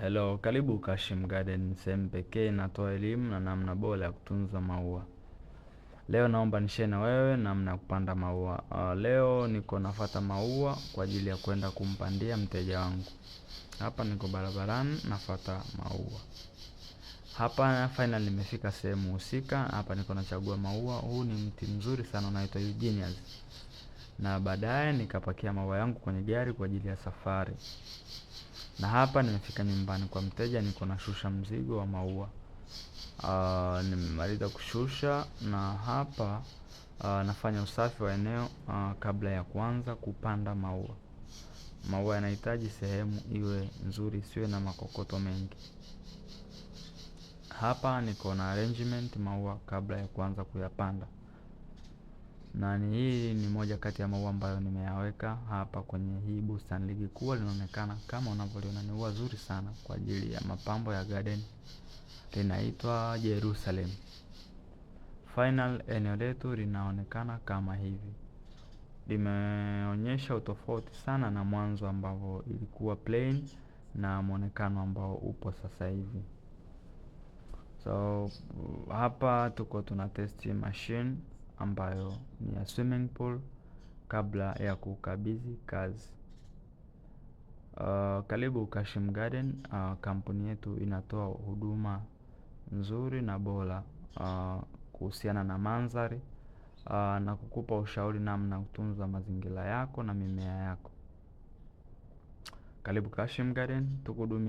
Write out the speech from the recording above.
Hello, karibu Kashim Garden, sehemu pekee inatoa elimu na namna bora ya kutunza maua. Leo naomba nishare na wewe namna ya kupanda maua. Uh, leo niko nafata maua kwa ajili ya kwenda kumpandia mteja wangu. Hapa niko barabarani nafata maua. Hapa finally nimefika sehemu husika. Hapa niko nachagua maua. Huu ni mti mzuri sana unaitwa Eugenius. Na baadaye nikapakia maua yangu kwenye gari kwa ajili ya safari. Na hapa nimefika nyumbani kwa mteja, niko nashusha mzigo wa maua. Uh, nimemaliza kushusha na hapa uh, nafanya usafi wa eneo uh, kabla ya kuanza kupanda maua. Maua yanahitaji sehemu iwe nzuri, isiwe na makokoto mengi. Hapa niko na arrangement maua kabla ya kuanza kuyapanda na ni hii ni moja kati ya maua ambayo nimeyaweka hapa kwenye hii bustani. Ligi kuwa linaonekana kama unavyoliona, ni ua zuri sana kwa ajili ya mapambo ya garden, linaitwa Jerusalem. Final eneo letu linaonekana kama hivi, limeonyesha utofauti sana na mwanzo ambavyo ilikuwa plain na mwonekano ambao upo sasa hivi. So hapa tuko tuna test machine ambayo ni ya swimming pool kabla ya kukabidhi kazi. Uh, karibu Kashim Garden. Uh, kampuni yetu inatoa huduma nzuri na bora uh, kuhusiana na mandhari uh, na kukupa ushauri namna kutunza mazingira yako na mimea yako. Karibu Kashim Garden, tukuhudumia.